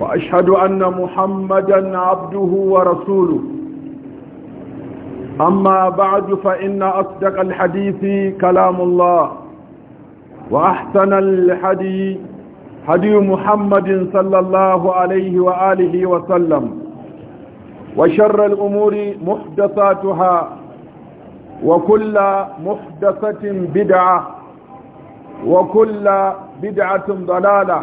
وأشهد أن محمدا عبده ورسوله أما بعد فإن أصدق الحديث كلام الله وأحسن الحدي هدي محمد صلى الله عليه وآله وسلم وشر الأمور محدثاتها وكل محدثة بدعة وكل بدعة ضلالة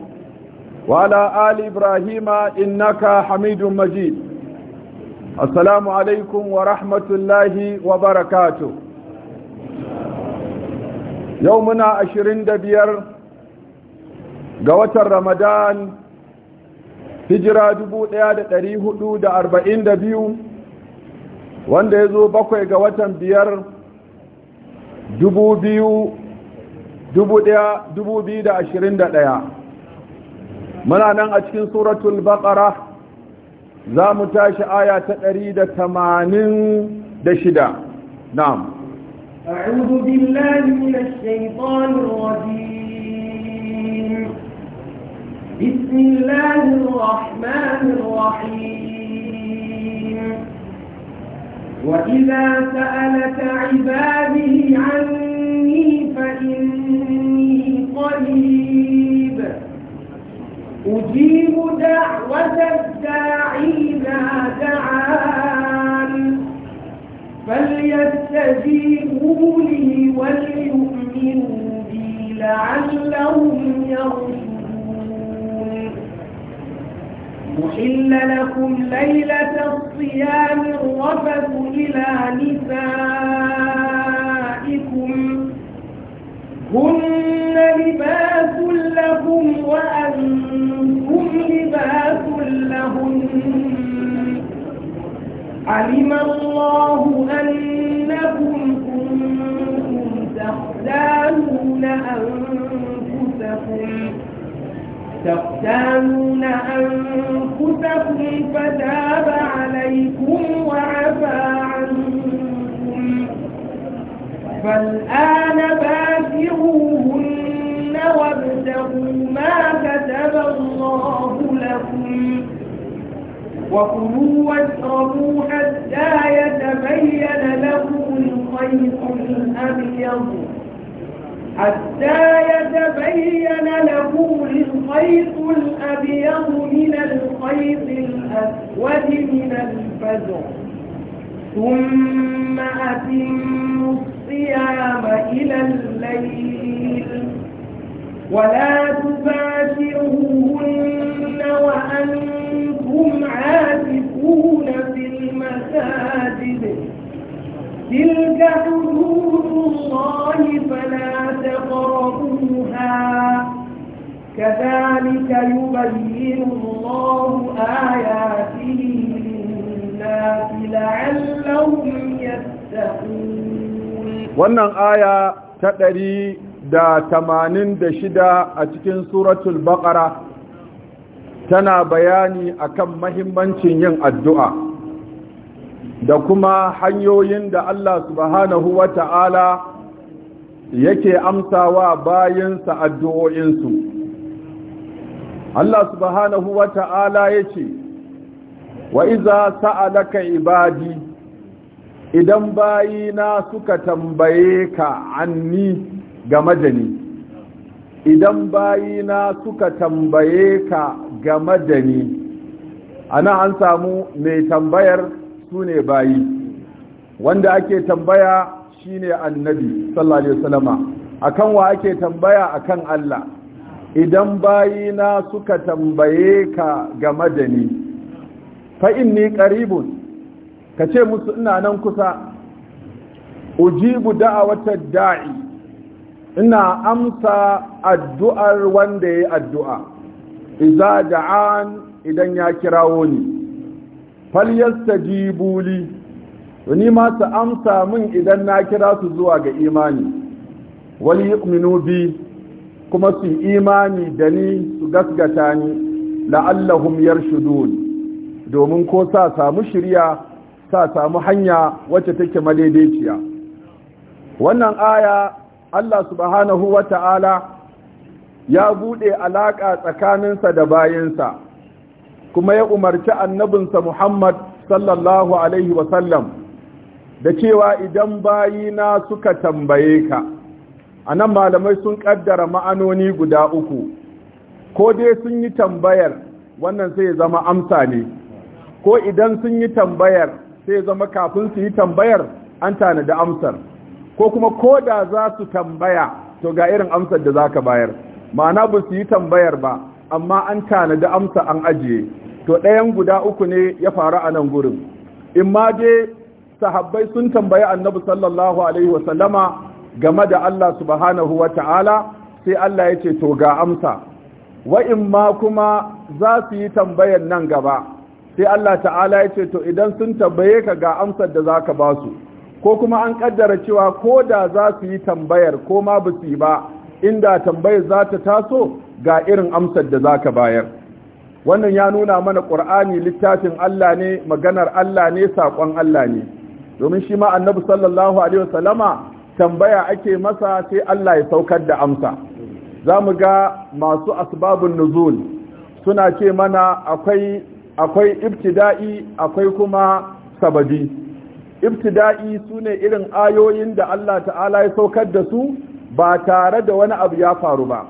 وعلى آل إبراهيم إنك حميد مجيد السلام عليكم ورحمة الله وبركاته يومنا عشرين دبير قوة رمضان هجرة دبوت يادة تريه دود أربعين دبيو wanda ya zo bakwai ga watan biyar dubu biyu dubu daya dubu biyu da ashirin da daya muna nan a cikin suratul baqara za mu tashi aya ta 186 na'am أعوذ بالله من الشيطان الرجيم بسم الله الرحمن الرحيم وإذا سألك عبادي عني فإني قريب أجيب دعوة الداعي إذا دعان فليستجيبوا لي وليؤمنوا بي لعلهم يرجون محل لكم ليلة الصيام الرفث إلى نسائكم هن لباس لكم وأنتم لباس لهن علم الله أنكم كنتم تختانون أنفسكم تختانون أنفسكم فتاب عليكم وعفى عنكم فالآن باشروهن وابتغوا ما كتب الله لكم وكلوا واشربوا حتى يتبين لكم الخيط الأبيض حتى يتبين لكم الخيط الأبيض من الخيط الأسود من الفجر ثم أتموا الصيام إلى الليل ولا تباشرهن وأنتم عاكفون في المساجد تلك حدود الله فلا تقربوها كذلك يبين الله آياته للناس لعلهم يتقون وأن آية تدري da tamanin da shida a cikin suratul baƙara tana bayani akan mahimmancin yin addu'a da kuma hanyoyin da Allah subhanahu wa ta'ala yake amsawa bayansa addu'o'insu. Allah subhanahu wa ta'ala ya ce, Wa iza sa'alaka ibadi, idan bayina suka tambaye ka anni ga majani idan bayina suka tambaye ka game da ni ana an samu mai tambayar su ne bayi wanda ake tambaya shine annabi sallallahu alaihi wasallama akan wa ake tambaya akan Allah idan bayina suka tambaye ka game da ni fa inni qaribun kace musu ina nan kusa ujibu da'awata da'i ina amsa addu'ar wanda ya yi addu'a iza da'an idan ya kirawo ni falyarsa jibuli ni masu amsa min idan na kira su zuwa ga imani wani yu'minu kuma su imani da ni su gasgata ni la'allahum shidu domin ko sa samu shirya sa samu hanya wacce take madaidaiciya wannan aya Allah subhanahu wa ta'ala ya buɗe alaƙa tsakaninsa da bayansa kuma ya umarci annabinsa Muhammad sallallahu Alaihi wasallam da cewa idan bayina suka tambaye ka a nan malamai sun ƙaddara ma'anoni guda uku ko dai sun yi tambayar wannan sai zama amsa ne ko idan sun yi tambayar sai zama kafin su yi tambayar an tanada amsar ko kuma ko da za su tambaya to ga irin amsar da za ka bayar ma'ana ba su yi tambayar ba amma an tanadi amsa an ajiye to ɗayan guda uku ne ya faru a nan gurin in ma dai sahabbai sun tambayi annabi sallallahu alaihi wasallama game da Allah subhanahu wa ta'ala sai Allah ya ce to ga amsa Wa in ma kuma za su yi tambayar nan gaba sai Allah ta'ala ya ce to idan sun tambaye ka ga amsar da za ka ba su ko kuma an kaddara cewa ko da za su yi tambayar ko ma ba su yi ba inda tambayar za ta taso ga irin amsar da za ka bayar wannan ya nuna mana ƙur'ani littafin Allah ne maganar Allah ne saƙon Allah ne domin shi ma annabi sallallahu alaihi wasallama tambaya ake masa sai Allah ya saukar da amsa za mu ga masu asbabun nuzul suna ce mana akwai akwai ibtida'i akwai kuma sababi ibtida'i sune irin ayoyin da Allah ta'ala ya saukar da su ba tare da wani abu ya faru ba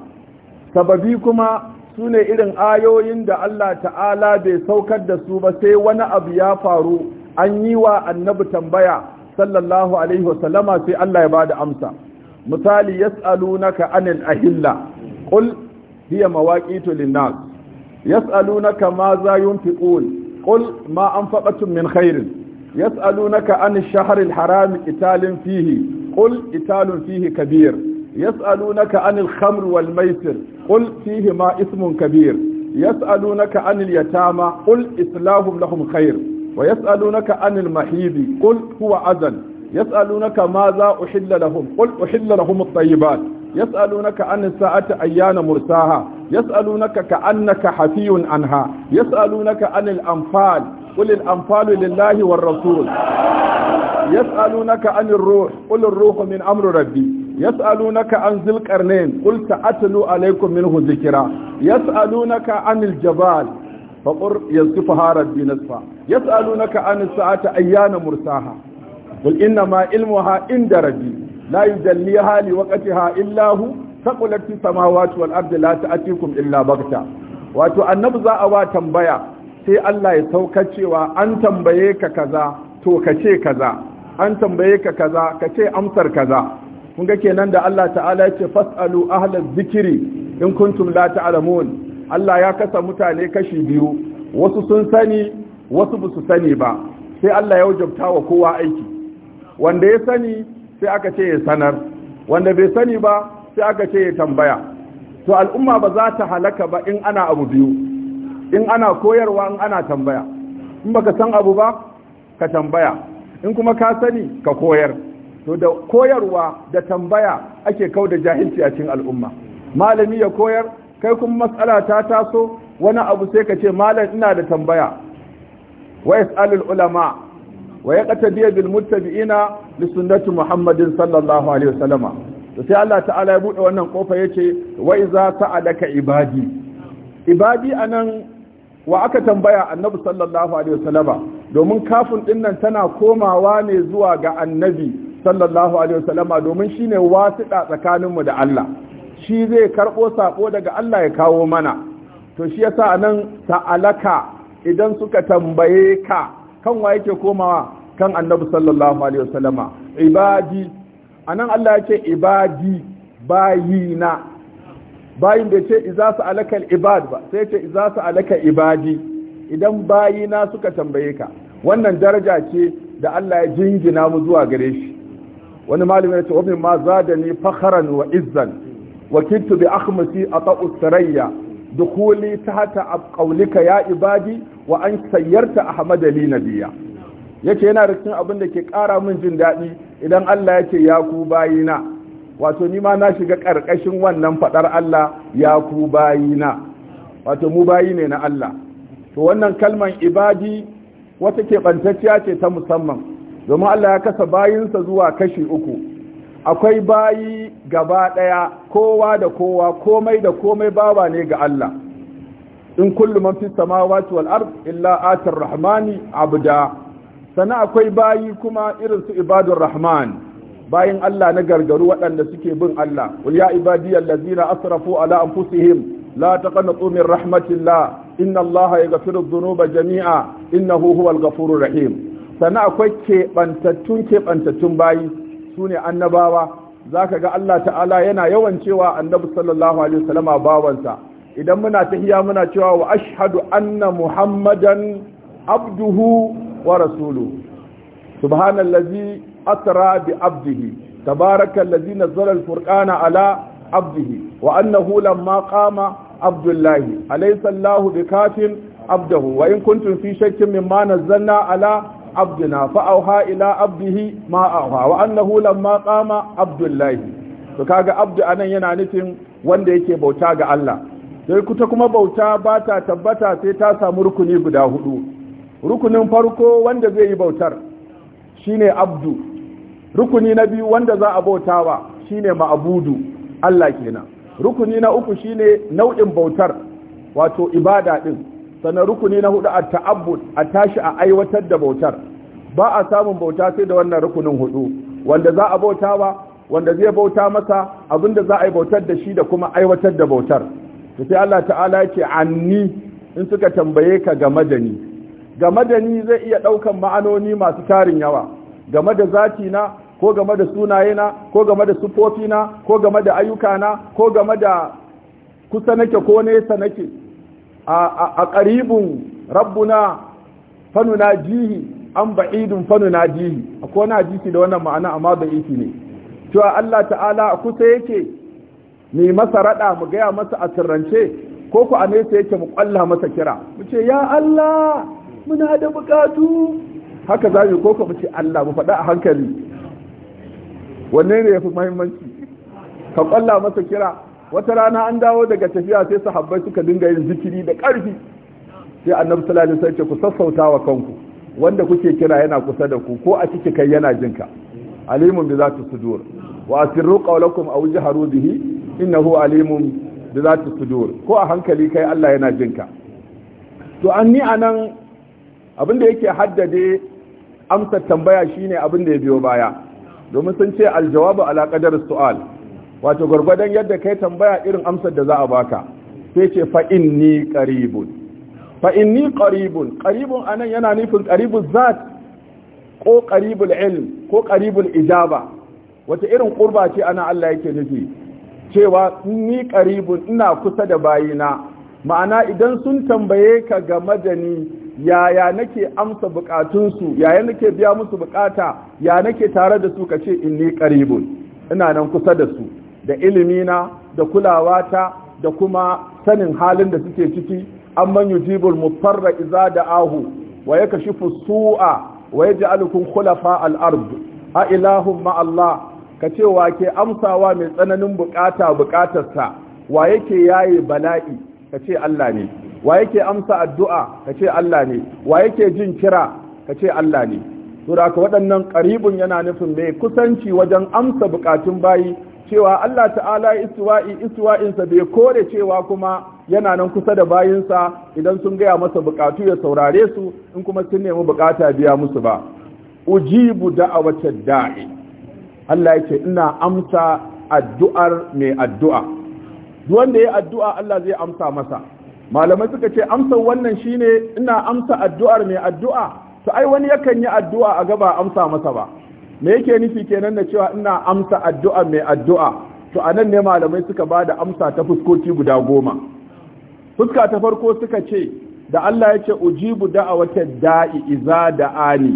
sababi kuma sune irin ayoyin da Allah ta'ala bai saukar da su ba sai wani abu ya faru an yi wa annabi tambaya sallallahu alaihi wasallama sai Allah ya bada amsa misali yas'alunaka anil ahilla qul hiya mawaqitu lin-nas yas'alunaka ma za yunfiqun qul ma anfaqtum min khairin يسألونك عن الشهر الحرام قتال فيه قل قتال فيه كبير يسألونك عن الخمر والميسر قل فيهما اسم كبير يسألونك عن اليتامى قل إسلام لهم خير ويسألونك عن المحيض قل هو عدل يسألونك ماذا أحل لهم قل أحل لهم الطيبات يسألونك عن الساعة أيان مرساها يسألونك كأنك حفي عنها يسألونك عن الأنفال قل الأنفال لله والرسول يسألونك عن الروح قل الروح من أمر ربي يسألونك عن ذي القرنين قل سأتلو عليكم منه ذكرا يسألونك عن الجبال فقر يزكفها ربي نصفا يسألونك عن الساعة أيان مرساها قل إنما علمها عند ربي لا يجليها لوقتها إلا هو ثقلت في السماوات والأرض لا تأتيكم إلا بغتة wato annabi za a wa tambaya sai Allah ya sauka cewa an tambaye ka kaza to ka ce kaza an tambaye ka kaza ka ce amsar kaza kun ga kenan da Allah ta'ala ya ce fasalu ahlaz zikri in kuntum la ta'lamun Allah ya kasa mutane kashi biyu wasu sun sani wasu ba su sani ba sai Allah ya wajabta wa kowa aiki wanda ya sani sai aka ce ya sanar wanda bai sani ba sai aka ce ya tambaya to al'umma ba za ta halaka ba in ana abu biyu in ana koyarwa in ana tambaya in baka san abu ba ka tambaya in kuma ka sani ka koyar to da koyarwa da tambaya ake kau da jahilci a cikin al'umma malami ya koyar kai kuma matsala ta taso wani abu sai ka ce malam ina da tambaya wa yas'alul ulama wa yaqtabi bil muttabi'ina li sunnati muhammadin sallallahu alaihi wasallama to sai Allah ta'ala ya bude wannan kofa yace wa iza sa'alaka ibadi ibadi anan wa aka tambaya annabi sallallahu alaihi wasallama domin kafin ɗinnan tana komawa ne zuwa ga annabi sallallahu alaihi wasallama domin shine wasiɗa tsakaninmu da Allah shi zai karɓo sako daga Allah ya kawo mana to shi yasa anan alaka idan suka tambaye ka kan wa yake komawa kan annabi sallallahu alaihi wasallama ibadi anan Allah yake ibadi bayina bayin bai ce iza su alakal ibad ba sai ce iza su alaka ibadi idan bayina suka tambaye ka wannan daraja ce da Allah ya jingina mu zuwa gare shi wani malami ya ce wa ma zadani fakharan wa izzan wa kuntu bi akhmasi ata'u sarayya dukhuli tahta qawlika ya ibadi wa an sayyarta ahmad li nabiyya yace yana da cikin abin da ke kara min jin dadi idan Allah ya ce ya ku bayina wato ni ma na shiga ƙarƙashin wannan faɗar Allah ya ku bayina wato mu bayi ne na Allah to wannan kalman ibadi wata keɓantacciya ce ta musamman domin Allah ya kasa bayinsa zuwa kashi uku akwai bayi gaba ɗaya kowa da kowa komai da komai bawa ne ga Allah in kullu man fi samawati wal ard illa atar rahmani abda sana akwai bayi kuma irin su ibadur rahman bayan Allah na gargaru waɗanda suke bin Allah qul ya ibadiyallazina asrafu ala anfusihim لا تقنطوا من رحمة الله إن الله يغفر jami'a, جميعا إنه هو الغفور sana akwai keɓantattun keɓantattun bayi sune annabawa za ka ga Allah ta'ala yana yawan cewa annabi sallallahu alaihi wasallama bawansa idan muna tahiya muna cewa wa ashhadu anna muhammadan abduhu wa rasulu subhanallazi أترى بعبده تبارك الذي نزل الفرقان على عبده وأنه لما قام عبد الله أليس الله بكاف عبده وإن كنتم في شك مما نزلنا على عبدنا فأوها إلى عبده ما أوها وأنه لما قام عبد الله فكاغا عبد أنا ينعنتم وان ديكي بوتاغ الله sai kuta kuma bauta ba ta tabbata sai ta samu rukuni guda hudu rukunin farko wanda zai yi bautar shine abdu rukuni na biyu wanda za a bautawa shine ma'abudu Allah kenan rukuni na uku shine nau'in bautar wato ibada din sannan rukuni na hudu at-ta'abbud a tashi a aiwatar da bautar ba a samun bauta sai da wannan rukunin hudu wanda za a bautawa wanda zai bauta masa abinda za a yi bautar da shi da kuma aiwatar da bautar to sai Allah ta'ala yake anni in suka tambaye ka game da ni game da ni zai iya daukan ma'anoni masu tarin yawa game da zati na ko game da sunayena ko game da sufofina ko game da ayyukana ko game da kusa nake ko nesa nake a ƙaribin rabbuna fanuna jihi an ba'idun fanuna jihi akwai na jihi da wannan ma'ana amma ba ne cewa Allah ta'ala kusa yake mai masa rada mu gaya masa a sirrance ko ku a nesa yake mu kwalla masa kira mu ce ya Allah muna da bukatu haka zamu ko ku mu ce Allah mu faɗa a hankali wanne ne fi mahimmanci ka kwalla masa kira wata rana an dawo daga tafiya sai su sahabbai suka dinga yin zikiri da ƙarfi sai annabi sallallahu alaihi wasallam ku sassauta wa kanku wanda kuke kira yana kusa da ku ko a ciki kai yana jinka alimun bi zati sudur wa asirru qawlakum aw jaharu bihi innahu alimun bi zati sudur ko a hankali kai Allah yana jinka to an ni anan abin da yake haddade amsa tambaya shine abinda ya biyo baya domin sun ce aljawabu ala qadar su'al wato gurgurdan yadda kai tambaya irin amsar da za a baka sai ce fa inni qaribun fa inni qaribun qaribun anan yana nufin qaribuz zat ko qaribul ilm ko qaribul ijaba wata irin qurba ce ana Allah yake nufi cewa ni qaribun ina kusa da bayina ma'ana idan sun tambaye ka game da ni yaya nake amsa bukatunsu yaya nake biya musu bukata ya nake tare da su kace ni qaribun ina nan kusa da su da ilimina da kulawa ta, da kuma sanin halin da suke ciki amman yujibul mutarra idza da'ahu wa yakashifu su'a wa yaj'alukum khulafa al-ard a ilahum ma Allah kace wa ke amsawa mai tsananin bukata bukatarsa wa yake yaye bala'i kace Allah ne wa yake amsa addu'a kace Allah ne wa yake jin kira kace Allah ne to da waɗannan qaribun yana nufin mai kusanci wajen amsa bukatun bayi cewa Allah ta'ala istiwa'i istiwa'insa bai kore cewa kuma yana nan kusa da bayinsa idan sun gaya masa bukatu ya saurare su in kuma sun nemi bukata biya musu ba ujibu da'awatad da'i Allah yake ina amsa addu'ar mai addu'a duk wanda ya addu'a Allah zai amsa masa malamai suka ce amsa wannan shine ina amsa addu'ar mai addu'a to ai wani yakan yi addu'a a gaba amsa masa ba me yake nufi kenan da cewa ina amsa addu'ar mai addu'a to anan ne malamai suka ba da amsa ta fuskoki guda goma fuska ta farko suka ce da Allah ya ce ujibu da'awata da'i iza da'ani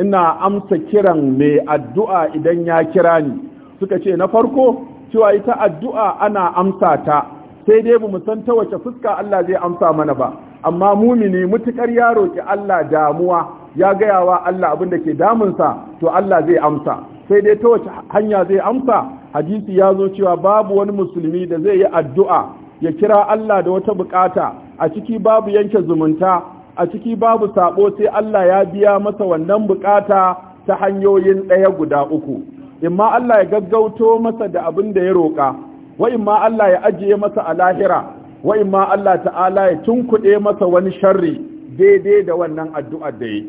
ina amsa kiran mai addu'a idan ya kira ni suka ce na farko cewa ita addu'a ana amsa ta sai dai mu san ta wace fuska Allah zai amsa mana ba amma mumini mutukar ya roki Allah damuwa ya gayawa Allah abin da ke damunsa to Allah zai amsa sai dai ta wace hanya zai amsa hadisi ya zo cewa babu wani musulmi da zai yi addu'a ya kira Allah da wata bukata a ciki babu yanke zumunta a ciki babu sabo sai Allah ya biya masa wannan bukata ta hanyoyin ɗaya guda uku imma Allah ya gaggauto masa da abin da ya roƙa wa ma Allah ya ajiye masa a lahira wa ma Allah ta'ala ya tunkuɗe masa wani sharri daidai da wannan addu'ar da yi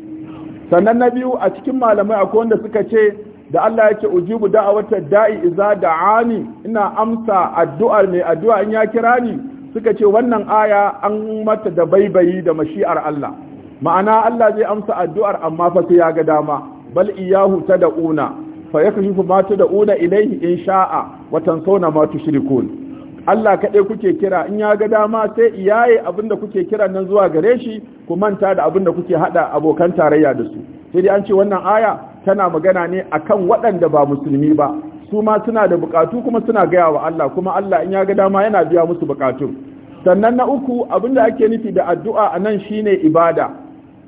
sannan na biyu a cikin malamai akwai wanda suka ce da Allah yake ujibu da'awata da'i iza da'ani ina amsa addu'ar mai addu'a in ya kira ni suka ce wannan aya an mata da baibayi da mashi'ar Allah ma'ana Allah zai amsa addu'ar amma fa sai ya ga dama bal iyahu tad'una fa mata da una ilaihi in sha'a watan sauna ma tushrikun Allah kaɗai kuke kira in ya ga dama sai iyaye abinda kuke kira nan zuwa gare shi ku manta da abinda kuke hada abokan tarayya da su sai dai an ce wannan aya tana magana ne akan waɗanda ba musulmi ba su ma suna da bukatu kuma suna gaya wa Allah kuma Allah in ya ga dama yana biya musu bukatu sannan na uku abinda ake nufi da addu'a anan shine ibada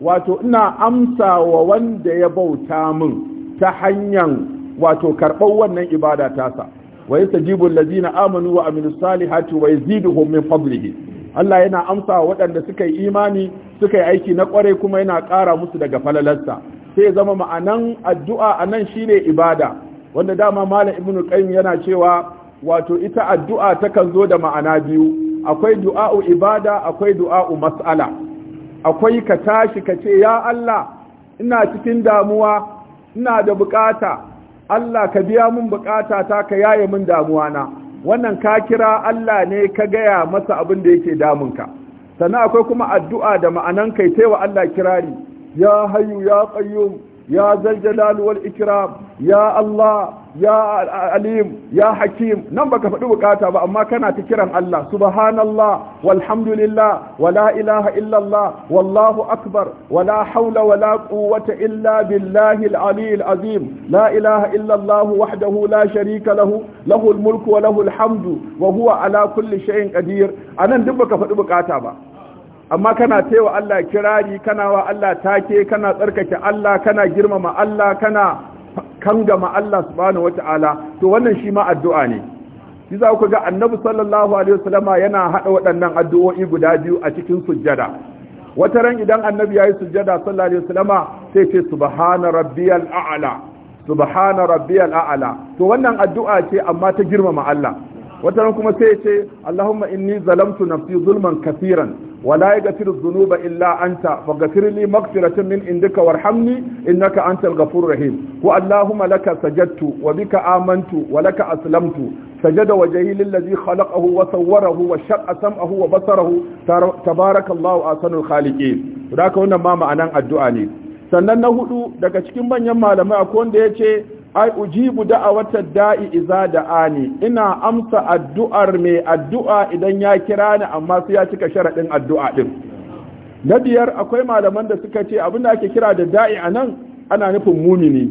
wato ina amsa wa wanda ya bauta min ta hanyar wato karɓar wannan ibada tasa wa jibu allazina amanu wa aminu salihati wa yaziduhum min fadlihi Allah yana amsa waɗanda suka yi imani suka yi aiki na ƙwarai kuma yana ƙara musu daga falalarsa sai zama ma'anan addu'a a anan shine ibada wanda dama malam ibnu qayyim yana cewa wato ita addu'a takan zo da ma'ana biyu akwai du'a'u ibada akwai du'a'u mas'ala akwai ka tashi ka ce ya Allah ina cikin damuwa ina da bukata Allah ka biya min bukata ta ka yaye min damuwa na wannan ka kira Allah ne ka gaya masa abin da yake damun ka. sannan akwai kuma addu'a da ma'anan kai taiwa Allah kirari ya hayyu ya qayyum ya zaljalal wal ikram ya Allah ya alim ya hakim nan baka faɗi bukata ba amma kana ta kiran Allah subhanallah walhamdulillah wala ilaha illallah wallahu akbar wala haula wala quwwata illa billahi al azim la ilaha illallah wahdahu la sharika lahu lahul mulku wa lahul hamdu wa huwa ala kulli shay'in qadir anan duk baka faɗi bukata ba amma kana taiwa Allah kirari kana wa Allah take kana tsarkake Allah kana girmama Allah kana kangama Allah subhanahu wata'ala to wannan shi ma addu'a ne shi za ku ga annabi sallallahu alaihi wasallama yana hada waɗannan addu'o'i guda biyu a cikin sujjada wata ran idan annabi yayi sujjada sallallahu alaihi wasallama sai ce subhana rabbiyal a'la subhana rabbiyal a'la to wannan addu'a ce amma ta girmama Allah wata ran kuma sai ce allahumma inni zalamtu nafsi zulman kaseeran ولا يغفر الذنوب إلا أنت فاغفر لي مغفرة من عندك وارحمني إنك أنت الغفور الرحيم اللهم لك سجدت وبك آمنت ولك أسلمت سجد وجهي للذي خلقه وصوره وشق سمعه وبصره تبارك الله أحسن الخالقين ذاك هنا ما معنى الدعاء sannan na hudu daga cikin manyan malamai akwai wanda ya ce ai ujibu da'awata da'i iza da'ani ina amsa addu'ar mai addu'a idan ya kira ni amma sai ya cika sharaɗin addu'a din na biyar akwai malaman da suka ce abin da ake kira da da'i anan ana nufin mumini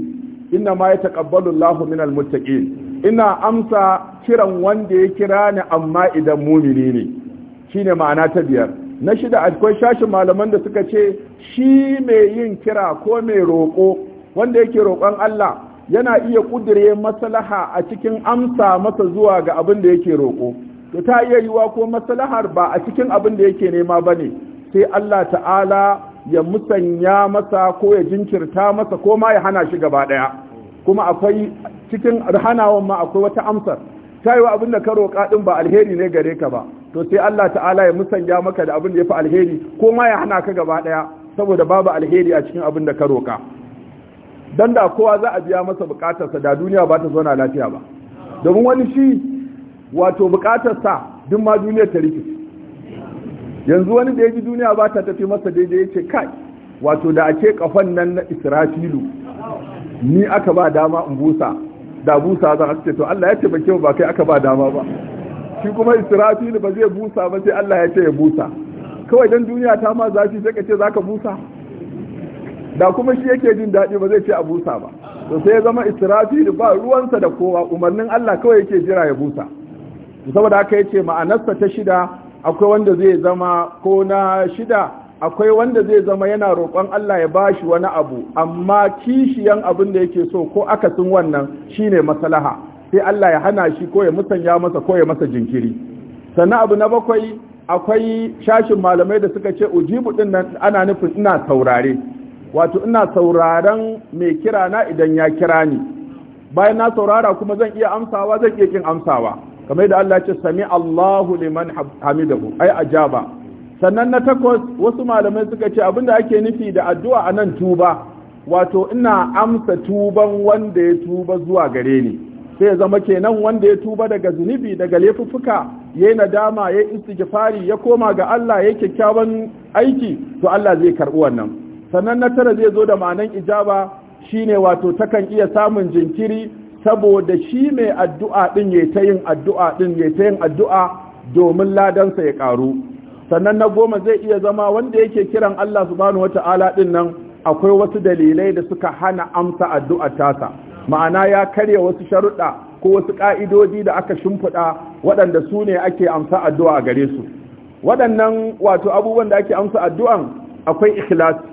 inna ma yataqabbalu Allahu minal muttaqin ina amsa kiran wanda ya kira ni amma idan mumini ne shine ma'ana ta biyar na shida akwai shashin malaman da suka ce shi mai yin kira ko mai roko wanda yake roƙon Allah yana iya kudire maslaha a cikin amsa masa zuwa ga abin da yake roƙo to ta iya yiwa ko maslahar ba a cikin abin da yake nema ba ne sai Allah ta'ala ya musanya masa ko ya jinkirta masa ko ma ya hana shi gaba ɗaya kuma akwai cikin hanawan ma akwai wata amsar ta yi wa abin da ka roƙa din ba alheri ne gare ka ba to sai Allah ta'ala ya musanya maka da abin da ya fi alheri ko ma ya hana ka gaba ɗaya saboda babu alheri a cikin abin da ka roƙa dan da kowa za a biya masa bukatarsa da duniya ba ta zauna lafiya ba domin wani shi wato bukatarsa duk ma duniya ta rikici yanzu wani da ya ji duniya ba ta tafi masa daidai ya ce kai wato da ake kafan nan na israfilu ni aka ba dama in busa da busa za a ce to Allah ya ce bake ba kai aka ba dama ba shi kuma israfilu ba zai busa ba sai Allah ya ce ya busa kawai dan duniya ta ma zafi sai ka ce zaka busa da kuma shi yake jin daɗi ba zai ce a busa ba to sai ya zama israfi ba ruwansa da kowa umarnin Allah kawai yake jira ya busa saboda haka yace ma'anarsa ta shida akwai wanda zai zama ko na shida akwai wanda zai zama yana roƙon Allah ya bashi wani abu amma kishiyan abin da yake so ko akasin wannan shine maslaha sai Allah ya hana shi ko ya musanya masa ko ya masa jinkiri sannan abu na bakwai akwai shashin malamai da suka ce ujibu din nan ana nufin ina saurare wato ina sauraron mai kira na idan ya kira ni bayan na saurara kuma zan iya amsawa zan iya kin amsawa kamar da Allah ce sami Allahu liman hamidahu ai ajaba sannan na takwas wasu malamai suka ce abinda ake nufi da addu'a anan tuba wato ina amsa tuban wanda ya tuba zuwa gare ni sai zama kenan wanda ya tuba daga zunubi daga laifuffuka ya yi nadama ya yi istighfari ya koma ga Allah ya kyakkyawan aiki to Allah zai karɓi wannan sannan na tara zai zo da ma'anan ijaba shine wato takan iya samun jinkiri saboda shi mai addu'a din ya ta yin addu'a din ya ta yin addu'a domin ladansa ya karu sannan na goma zai iya zama wanda yake kiran Allah subhanahu wata'ala din nan akwai wasu dalilai da suka hana amsa addu'a tasa ma'ana ya karya wasu sharuɗa ko wasu ƙa'idodi da aka shimfiɗa waɗanda su ne ake amsa addu'a gare su waɗannan wato abubuwan da ake amsa addu'an akwai ikhlas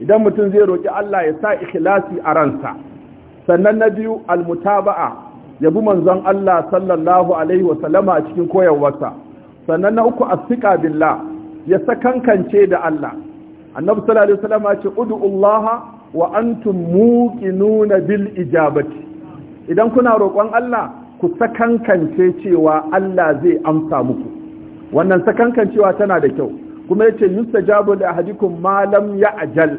idan mutum zai roƙi Allah ya sa ikhlasi a ransa sannan na biyu almutaba'a ya bi manzon Allah sallallahu alaihi wa sallama a cikin koyarwarsa sannan na uku asika billah ya sakankance da Allah annabi sallallahu alaihi wasallama ce ud'ullaha wa antum muqinuna bil ijabati idan kuna roƙon Allah ku sakankance cewa Allah zai amsa muku wannan sakankancewa tana da kyau kuma yace jabu da ahadikum ma lam ajal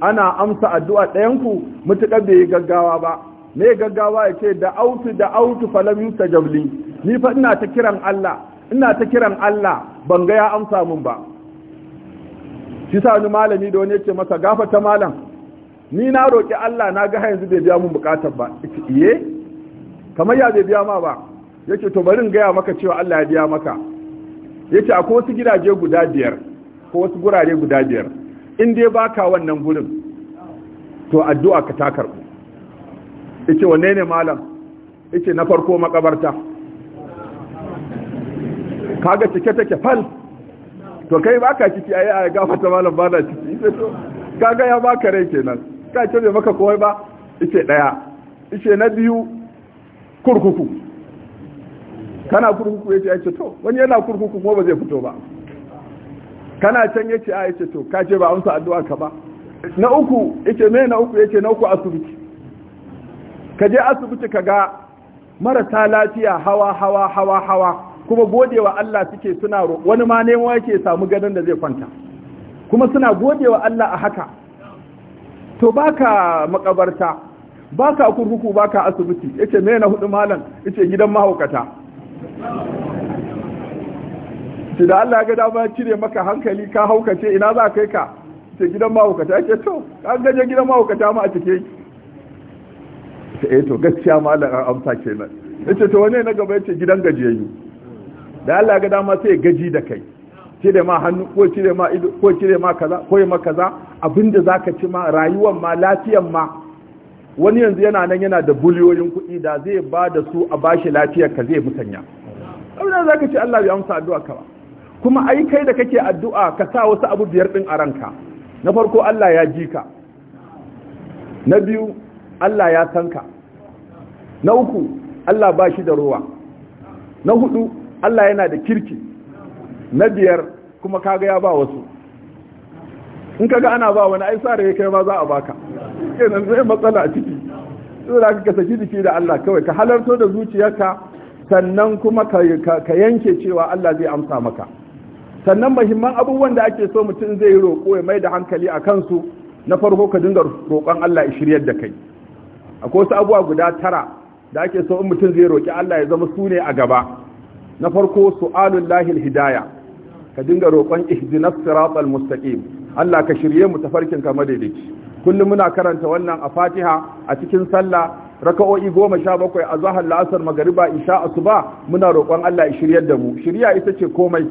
ana amsa addu'a ɗayan ku mutuƙar bai gaggawa ba me gaggawa yace da autu da autu falam yusta jabli ni fa ina ta kiran Allah ina ta kiran Allah ban ga ya amsa mun ba shi sa wani malami da wani yace masa gafata malam ni na roki Allah na ga yanzu bai biya mun bukatar ba iye kamar ya bai biya ma ba yake to bari in gaya maka cewa Allah ya biya maka Ya ce akwai wasu gidaje guda biyar ko wasu gurare guda biyar in dai baka wannan gudun to addu'a ka ta ya ce wanne ne malam ya ce na farko makabarta kaga cike take fal to kai baka ciki ai ai gafata malam bana ciki sai to kaga ya baka rai kenan ka ce bai maka kowai ba ya ɗaya daya ce na biyu kurkuku kana kurkuku yace ce to wani yana kurkuku kuma ba zai fito ba kana can yace a ce to ka ce ba amsa addu'a ka ba na uku yace mai na uku yace na uku asibiti ka je asibiti ka ga marasa lafiya hawa hawa hawa hawa kuma godewa Allah suke suna wani ma nemo yake samu ganin da zai kwanta kuma suna godewa Allah a haka to baka makabarta baka kurkuku baka asibiti yace me na hudu malam yace gidan mahaukata ce da Allah ga dama cire maka hankali ka haukace ina za kai ka ce gidan mahaukata ake to an gaje gidan mahaukata ma a cike ta yi eh, to gaskiya malam an amsa kenan ce to wane na gaba ya ce gidan gajiyayyu da Allah ga dama sai gaji da kai cire ma hannu ko cire ma ido ko cire ma kaza ko ma kaza abinda ka ci ma rayuwar ma lafiyar ma wani yanzu yana nan yana da buliyoyin kuɗi da zai ba da su a bashi lafiyar ka zai musanya ɗauna za ka ce Allah ya amsa addu'a ka ba kuma ai kai da kake addu'a ka sa wasu abu biyar ɗin a ranka na farko Allah ya ji ka na biyu Allah ya san ka na uku Allah ba shi da ruwa na hudu Allah yana da kirki na biyar kuma kaga ya ba wasu in kaga ana ba wani ai sare kai ma za a baka kenan zai matsala a ciki saboda ka saki jiki da Allah kawai ka halarto da zuciyarka sannan kuma ka yanke cewa Allah zai amsa maka sannan mahimman abubuwan da ake so mutum zai roƙo ya mai da hankali a kansu na farko ka dinga roƙon Allah ya shiryar da kai akwai wasu abubuwa guda tara da ake so in mutum zai roƙi Allah ya zama su ne a gaba na farko su'alul lahil hidaya ka dinga roƙon ihdinas siratal mustaqim Allah ka shirye mu tafarkin ka madaidaici kullum muna karanta wannan a Fatiha a cikin sallah raka'o'i goma sha bakwai a zahar la'asar magariba isha asuba muna roƙon Allah ya shiryar da mu shirya ita ce komai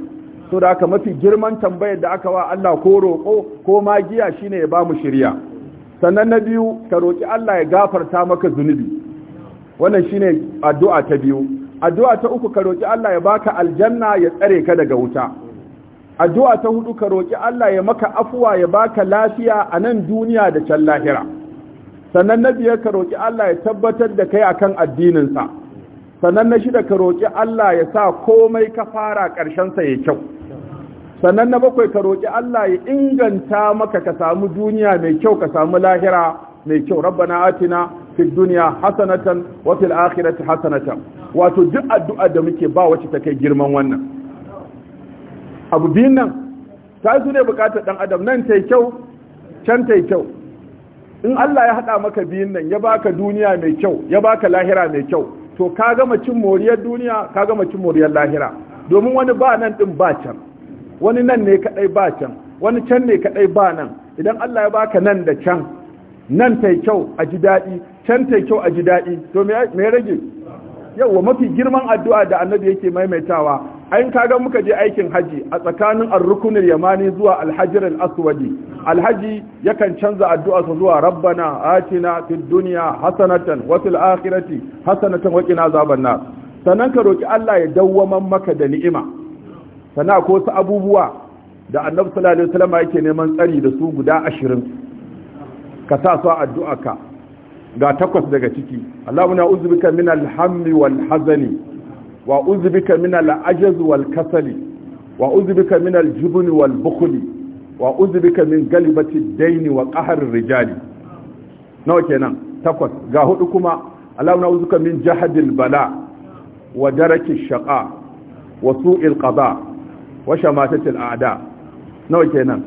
so da aka mafi girman tambayar da aka wa Allah ko roƙo ko magiya shine ya bamu shirya sannan na biyu ka roƙi Allah ya gafarta maka zunubi wannan shine addu'a ta biyu addu'a ta uku ka roƙi Allah ya baka aljanna ya tsare ka daga wuta addu'a ta hudu ka roƙi Allah ya maka afuwa ya baka lafiya a nan duniya da can lahira sannan na biyar ka roƙi Allah ya tabbatar da kai akan addininsa sannan na shida ka roƙi Allah ya sa komai ka fara ƙarshensa ya kyau sannan na bakwai ka roƙi Allah ya inganta maka ka samu duniya mai kyau ka samu lahira mai kyau rabbana atina fid dunya hasanatan wa fil akhirati hasanatan wato duk addu'a da muke ba wacce ta kai girman wannan abu biyun nan ta su ne bukatar dan adam nan tai kyau can tai kyau in Allah ya haɗa maka biyun nan ya baka duniya mai kyau ya baka lahira mai kyau to ka gama cin moriyar duniya ka gama cin moriyar lahira domin wani ba nan din ba can wani nan ne kadai ba can wani can ne kadai ba nan idan Allah ya baka nan da can nan tai kyau a ji daɗi can tai kyau a ji daɗi to me rage yauwa mafi girman addu'a da annabi yake maimaitawa ayin kaga muka je aikin haji a tsakanin arrukunin yamani zuwa Alhajirin aswadi alhaji yakan canza addu'a su zuwa rabbana atina fid duniya hasanatan wa fil akhirati hasanatan wa qina azaban nar sannan ka roki Allah ya dawwaman maka da ni'ima sana ko su abubuwa da annabi sallallahu alaihi wasallam yake neman tsari da su guda 20 ka sa su addu'a ka ga takwas daga ciki Allahumma na'udzubika min alhammi wal hazani wa uzbika min al-ajaz wal kasali wa uzbika min al-jubn wal bukhli wa uzbika min galibati ad-dayn wa qahr ar-rijali nawa kenan takwas ga hudu kuma allahumma uzbika min jahadil bala wa daraki shaqa wa su'il qada wa shamatati al-a'da nawa kenan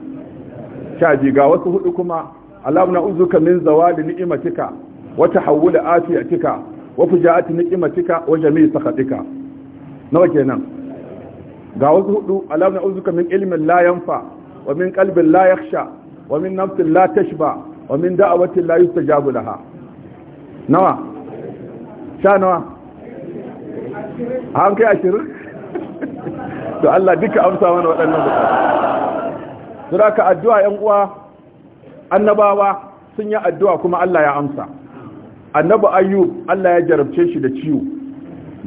shaji ga wasu hudu kuma allahumma uzbika min zawali ni'matika wa tahawul afiyatika wa fujaati ni'matika wa jami'i sakhatika nawa kenan ga wasu hudu alamun uzuka min ilmin la yanfa wa min kalbin la yakhsha wa min nafsin la tashba wa min da'awatin la yustajabu laha nawa sha nawa an kai ashirin to Allah duka amsa mana waɗannan bukatu suraka addu'a yan uwa annabawa sun yi addu'a kuma Allah ya amsa annabi ayyub Allah ya jarabce shi da ciwo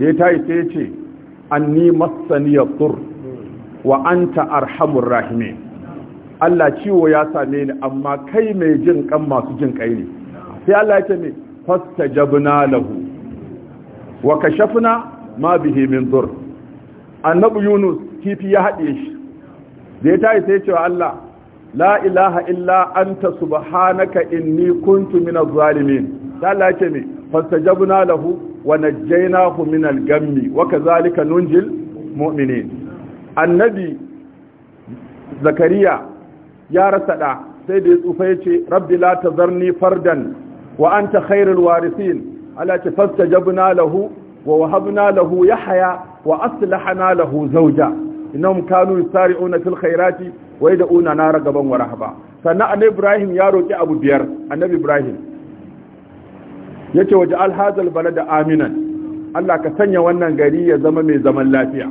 da ya tayi sai ya ce anni massani yadur wa anta arhamur rahimin Allah ciwo ya same ni amma kai mai jin kan masu jin kai ne sai Allah ya ce me fastajabna lahu wa kashafna ma bihi min dur annabi Yunus kifi ya haɗiye shi da ya tayi sai wa Allah la ilaha illa anta subhanaka inni kuntu minaz zalimin sai Allah ya ce me fastajabna lahu wa najjaynahu min al-gammi wa kadhalika nunjil mu'minin annabi zakariya ya rasa da sai da ya tsufa ya ce rabbi la tazarni fardan wa anta khairul warithin ala ta fastajabna lahu wa wahabna lahu yahya wa aslahna lahu zawja innahum kanu yusari'una fil khairati wa yad'una na ragaban wa sannan annabi ibrahim ya roki abu biyar annabi ibrahim yake waje alhazal da aminan Allah ka sanya wannan gari ya zama mai zaman lafiya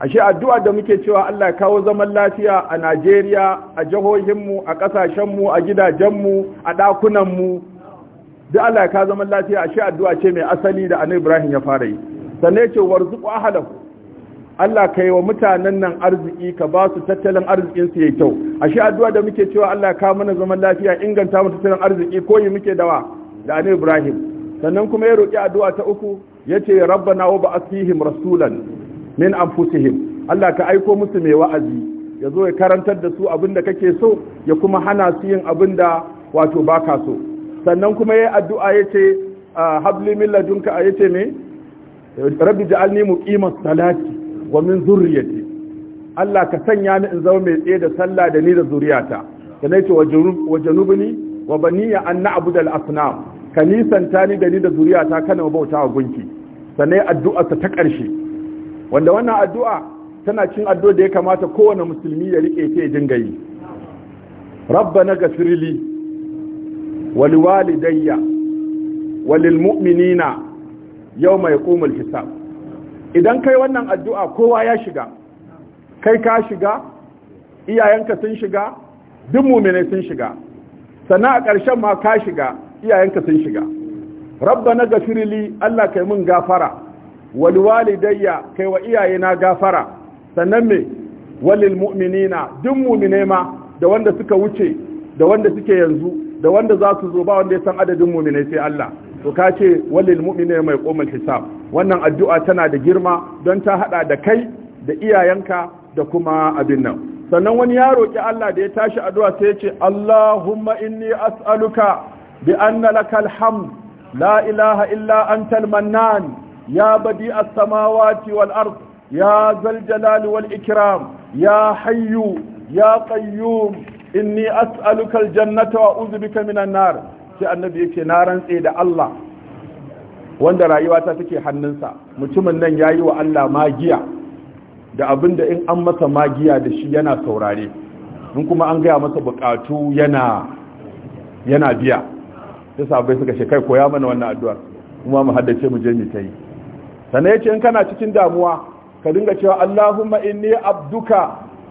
ashe addu'a da muke cewa Allah ya kawo zaman lafiya a Najeriya a jihohinmu a ƙasashenmu a gidajenmu a ɗakunanmu duk Allah ya ka zaman lafiya ashe addu'a ce mai asali da Annabi Ibrahim ya fara yi sanne ce warzuqu ahlahu Allah ka yi wa mutanen nan arziki ka ba su tattalin arzikin su yayi kyau ashe addu'a da muke cewa Allah ya kawo mana zaman lafiya inganta mu tattalin arziki koyi muke dawa da annabi Ibrahim sannan kuma ya roki addu'a ta uku yace rabbana wa ba'athihim rasulan min anfusihim Allah ka aiko musu mai wa'azi ya zo ya karantar da su abinda kake so ya kuma hana su yin abin da wato baka so sannan kuma yayi addu'a yace habli min ladunka yace me rabbi ja'alni muqimas salati wa min zurriyati Allah ka sanya ni in zama mai tsaye da sallah da ni da zuriyata da yace wa janubini wa baniya an na'budu al-asnam ka nisanta ni da ni da ta kana bauta a gunki sannan addu'arsa ta ƙarshe wanda wannan addu'a tana cin addu'a da ya kamata kowane musulmi ya rike ta ya dinga yi rabbana gafirli wal walidayya wal mu'minina yawma yaqumul hisab idan kai wannan addu'a kowa ya shiga kai ka shiga iyayenka sun shiga duk mu'minai sun shiga sannan a ƙarshen ma ka shiga iyayenka sun shiga Rabba na gafirili Allah kai mun gafara wal walidayya kai wa iyayena gafara sannan me walil mu'minina duk mu'mine ma da wanda suka wuce da wanda suke yanzu da wanda za su zo ba wanda ya san adadin mu'mine sai Allah to ka ce walil mu'mine mai komal hisab wannan addu'a tana da girma don ta hada da kai da iyayenka da kuma abin nan sannan wani ya roki Allah da ya tashi addu'a sai ya ce Allahumma inni as'aluka بأن لك الحمد لا إله إلا أنت المنان يا بديء السماوات والأرض يا ذا الجلال والإكرام يا حي يا قيوم إني أسألك الجنة وأعوذ بك من النار sai annabi yake na rantse da Allah wanda rayuwata ta متمنى hannunsa mutumin nan yi wa Allah magiya da abinda in an masa magiya da shi yana saurare in kuma an gaya masa bukatu yana yana biya sai sabai suka shekai kai koya mana wannan addu'ar kuma mu haddace mu je mu ta yi yace in kana cikin damuwa ka dinga cewa Allahumma inni abduka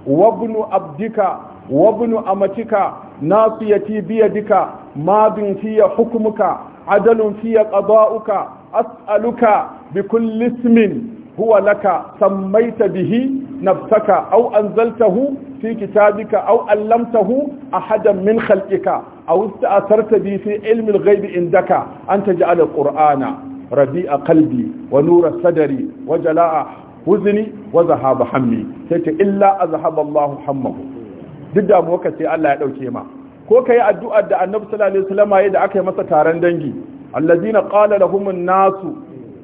wabnu ibnu abdika wa ibnu amatika nasiyati biyadika madin fiya hukmuka adalun fiya qada'uka as'aluka bi kulli ismin huwa laka sammaita bihi nafsaka aw anzaltahu fi kitabika aw allamtahu ahadan min khalqika aw ista'tharta bi fi ilmi al in indaka an taj'al al-qur'ana rabi'a qalbi wa nura sadri wa jala'a huzni wa zahaba hammi sai illa azhaba Allahu hammahu duk da mu sai Allah ya dauke ma ko kai addu'ar da Annabi sallallahu alaihi wasallam yayin da aka yi masa taron dangi allazina qala da an-nasu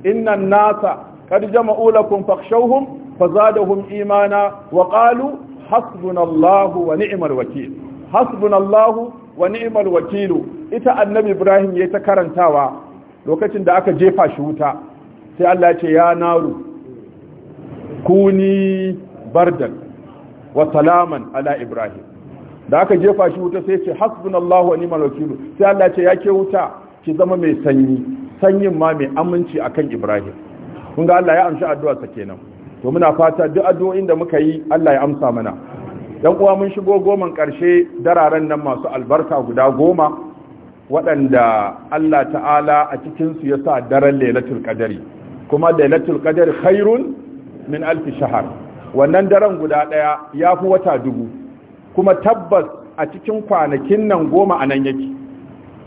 inna nasa قد جمعوا لكم فاخشوهم فزادهم إيمانا وقالوا حسبنا الله ونعم الوكيل حسبنا الله ونعم الوكيل إتا النبي إبراهيم يتكرن تاوى lokacin da aka jefa shi wuta sai Allah ce ya naru kuni bardan wa salaman ala ibrahim da aka jefa shi wuta sai ce hasbunallahu wa ni'mal wakeel sai Allah ce ya ke wuta ki zama mai sanyi sanyin ma mai aminci akan ibrahim kun ga Allah ya amshi ta kenan to muna fata duk addu'o'in da muka yi Allah ya amsa mana dan uwa mun shigo goman karshe dararen nan masu albarka guda goma waɗanda Allah ta'ala a cikin su ya sa daren lailatul qadari kuma lailatul qadari khairun min alf shahr wannan daren guda daya yafi wata dubu kuma tabbas a cikin kwanakin nan goma anan yake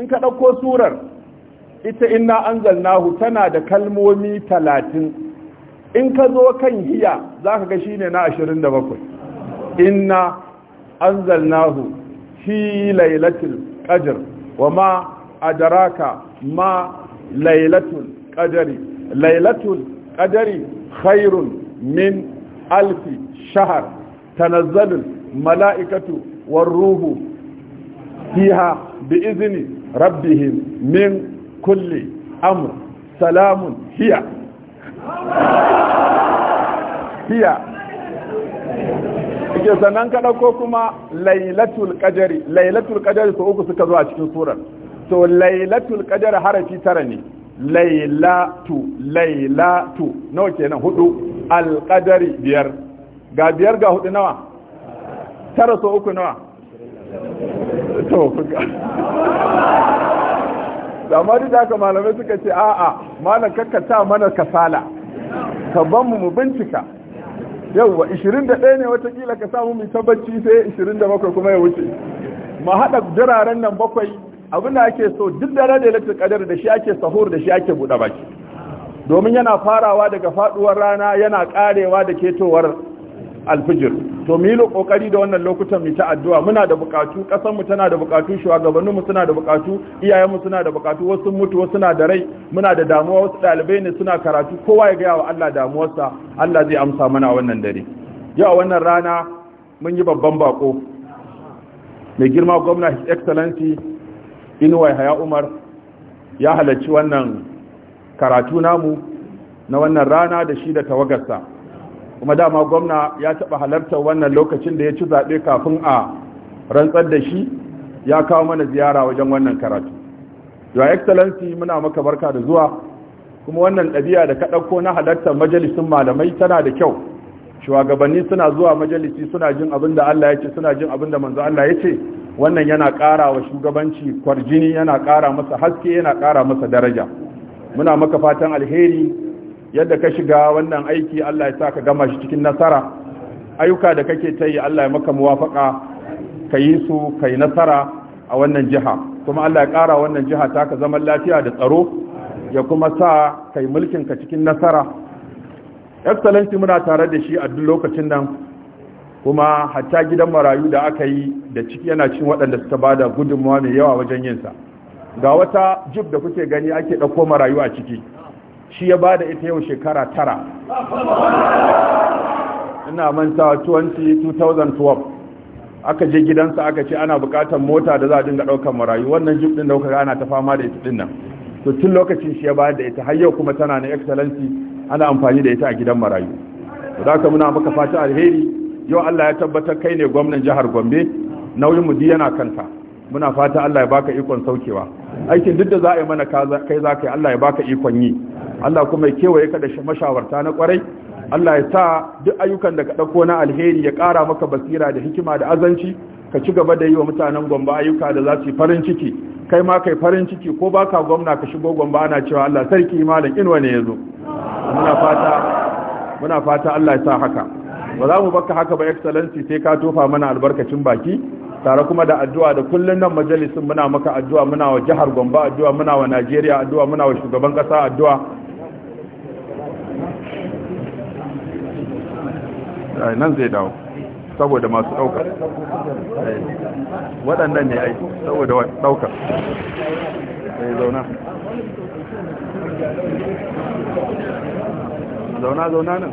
in ka ɗauko surar ita inna anzalnahu tana da kalmomi talatin in ka zo kan hiya za ka ga shine na ashirin da bakwai inna anzalnahu fi lailatul qadr wa ma adraka ma lailatul qadri lailatul qadri khairun min alfi shahar tanazzalul mala'ikatu war ruhu fiha bi izini. ربهم من kulli أمر salamun هي هي ke sannan ka ɗauko kuma lailatul kajari lailatul kajari ko uku suka zo a cikin surar to lailatul kajari harafi tara ne lailatu lailatu nawa kenan hudu alqadari biyar ga biyar ga hudu nawa tara so uku nawa to duk da haka malamai suka ce a'a malam kakkata mana kasala ka ban mu mu bincika yauwa 21 ne watakila ka samu mai tabbaci sai 27 kuma ya wuce ma haɗa jiraren nan bakwai abinda ake so duk da rada latin kadar da shi ake sahur da shi ake buɗe baki domin yana farawa daga faɗuwar rana yana ƙarewa da ketowar alfijir to mu yi kokari da wannan lokutan mu ta addu'a muna da bukatu kasan mu tana da bukatu mu suna da bukatu iyayen mu suna da bukatu wasu mutu wasu na da rai muna da damuwa wasu dalibai ne suna karatu kowa ya ga wa Allah damuwarsa Allah zai amsa mana wannan dare yau a wannan rana mun yi babban bako mai girma gwamna his excellency inuwa haya umar ya halarci wannan karatu namu na wannan rana da shi da tawagarsa kuma dama gwamna ya taɓa halartar wannan lokacin da ya ci zaɓe kafin a rantsar da shi ya kawo mana ziyara wajen wannan karatu your excellency muna maka barka da zuwa kuma wannan ɗabi'a da ka ɗauko na halartar majalisun malamai tana da kyau shugabanni suna zuwa majalisi suna jin abin da Allah ya ce suna jin abin da manzo Allah ya ce wannan yana ƙara wa shugabanci kwarjini yana ƙara masa haske yana ƙara masa daraja muna maka fatan alheri yadda ka shiga wannan aiki Allah ya sa ka gama shi cikin nasara ayyuka da kake ta yi Allah ya maka muwafaka ka yi su kai nasara a wannan jiha kuma Allah ya ƙara wannan jiha ta ka zaman lafiya da tsaro ya kuma sa kai mulkin ka cikin nasara excellency muna tare da shi a duk lokacin nan kuma hatta gidan marayu da aka yi da ciki yana cin waɗanda suka ba da gudunmawa mai yawa wajen yinsa ga wata jib da kuke gani ake ɗauko marayu a ciki shi ya bada ita yau shekara tara ina manta 2012 aka je gidansa aka ce ana bukatar mota da za a dinga daukar marayu wannan jeep din daukar ana ta fama da ita din nan to tun lokacin shi ya ba da ita har yau kuma tana na excellency ana amfani da ita a gidan marayu da ka muna maka fata alheri yau Allah ya tabbatar kai ne gwamnan jihar Gombe nauyin mu yana kanta. muna fata Allah ya baka ikon saukewa aikin duk da za a yi mana kai za ka yi Allah ya baka ikon yi Allah kuma ya kewaye ka da mashawarta na kwarai Allah ya sa duk ayyukan da ka ɗauko na alheri ya kara maka basira da hikima da azanci ka ci gaba da yi wa mutanen gwamba ayyuka da za su yi farin ciki kai ma kai farin ciki ko baka gwamna ka shigo gwamba ana cewa Allah sarki malam inwa ne yazo muna fata muna fata Allah ya sa haka ba za mu baka haka ba excellency sai ka tofa mana albarkacin baki tare kuma da addu'a da kullun nan majalisin muna maka addu'a muna wa jihar Gombe addu'a muna wa Najeriya addu'a muna wa shugaban kasa addu'a nan zai dawo saboda masu ɗauka waɗannan ne ai saboda ɗauka sai zauna zauna zauna nan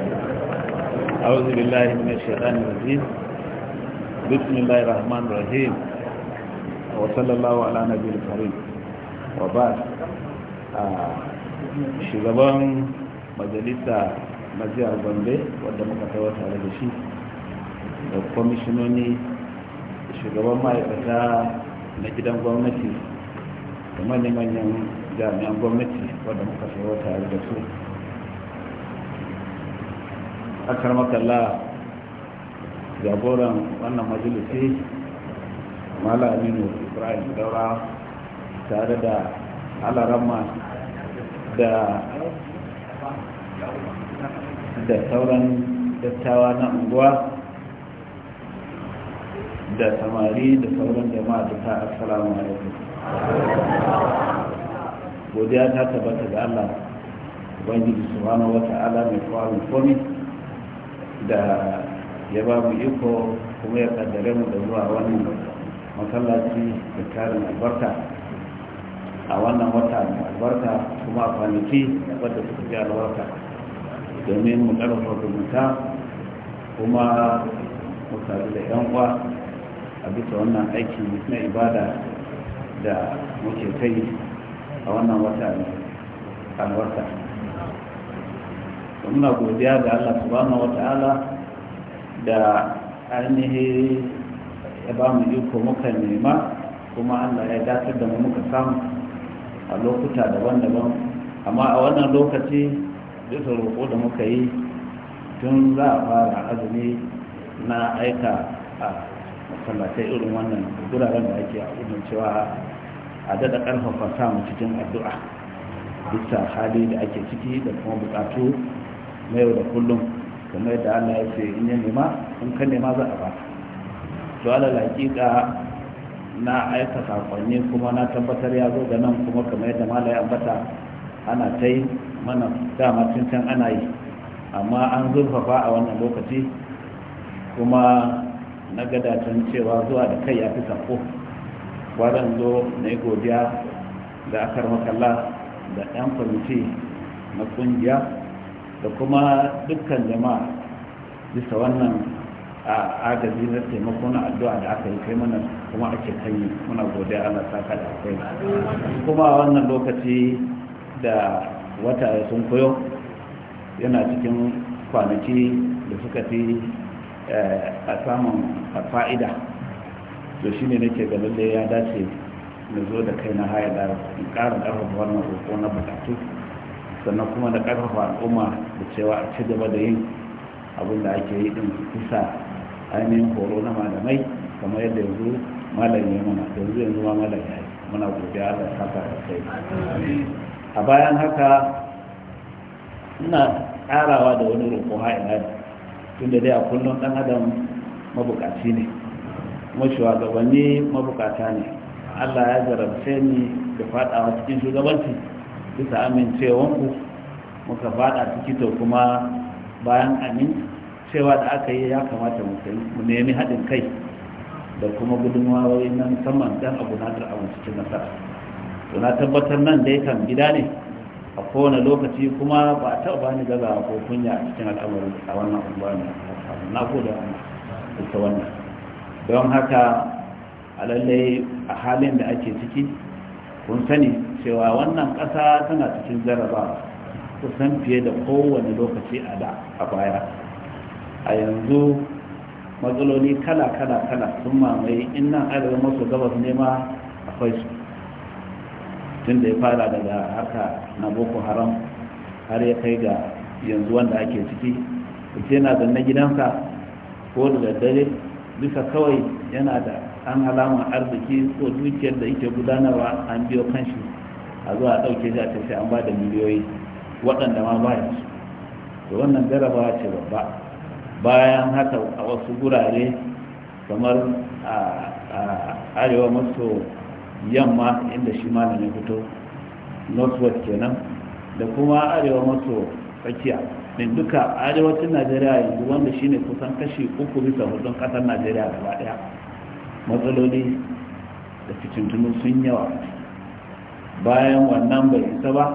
أعوذ بالله من الشيطان الرجيم بسم الله الرحمن الرحيم وصلى الله على نبي الكريم وبعد shugaban majalisa na jihar gombe wadda muka tawa tare da shi da na gidan gwamnati da manyan jami'an gwamnati wadda muka tawa tare da akar makalla jagoran wannan majalisi mala aminu ibrahim daura tare da alarama da da sauran dattawa na unguwa da samari da sauran jama'a da ta assalamu alaikum godiya ta tabbata ga Allah ubangiji subhanahu wata'ala mai kowa mai komai da ya ba mu iko kuma ya kaddare mu da zuwa wannan masallaci da tarin albarka a wannan wata albarka kuma a kwanaki da wadda suka fi albarka domin mu ƙarfafa zumunta kuma mu sadu da yan uwa a bisa wannan aiki na ibada da muke kai a wannan wata albarka muna godiya ga Allah subhanahu wata'ala da ainihi ya ba mu iko muka nema kuma Allah ya dace da mu muka samu a lokuta daban-daban amma a wannan lokaci bisa roƙo da muka yi tun za a fara azumi na aika a masallatai irin wannan guraren da ake a cewa a daɗa ƙarfafa samu cikin addu'a bisa hali da ake ciki da kuma buƙatu na yau da kullum kamar yadda Allah ya ce in ya nema in ka nema za a baka to ala hakika na aika sakonni kuma na tabbatar ya zo da nan kuma kamar yadda malai ambata ana ta yi mana dama can ana yi amma an zurfafa a wannan lokaci kuma na gadatan cewa zuwa da kai ya fi sako wadan zo na yi godiya da akar makalla da 'yan kwamiti na kungiya da kuma dukkan jama'a bisa wannan a agaji na taimako na addu'a da aka yi kai mana kuma ake kan yi muna godiya Allah saka da kai kuma wannan lokaci da wata ya sun koyo yana cikin kwanaki da suka fi eh, a samun fa'ida to shi ne nake ga lalle ya dace na zo da kai na haya da ƙarin ƙarfafa wannan roƙo na buƙatu sannan kuma da ƙarfafa al'umma da cewa a ci gaba da yin abin da ake yi din kisa ainihin horo na malamai kamar yadda yanzu malam ya mana yanzu yanzu ma malam ya yi muna godiya Allah saka da kai a bayan haka ina ƙarawa da wani roƙo ha'ina tunda dai a kullum ɗan adam mabukaci ne kuma shugabanni mabukata ne Allah ya jarabce ni da faɗawa cikin shugabanci bisa amincewanku muka fada tikito kuma bayan amin da aka yi ya kamata mu nemi haɗin kai da kuma gudunmawoyi na musamman don abu na abu cikin nasara to na tabbatar nan da yakan gida ne a kowane lokaci kuma ba a taɓa bani gaza ko kunya a cikin al'amari a wannan abuwa na na gode ta wannan don haka a lallai a halin da ake ciki kun sani cewa wannan ƙasa tana cikin jaraba kusan fiye da kowane lokaci a da a baya a yanzu matsaloli kala-kala-kala sun mamaye innan arewa masu gabas nema akwai su tun da ya fara daga haka na boko haram har ya kai ga yanzu wanda ake ciki ita yana na gidansa ko da daddare bisa kawai yana da an alama arziki ko dukiyar da yake gudanarwa an biyo kanshi a zuwa ɗauke shi a ce sai an ba da miliyoyi waɗanda ma ba su to wannan jarabawa ce babba bayan haka a wasu gurare kamar a arewa maso yamma inda shi ne fito northwest kenan da kuma arewa maso tsakiya din duka arewacin najeriya yanzu wanda shine kusan kashi uku bisa hudun kasar najeriya gaba daya matsaloli da fitintunu sun yawa bayan wannan bai isa ba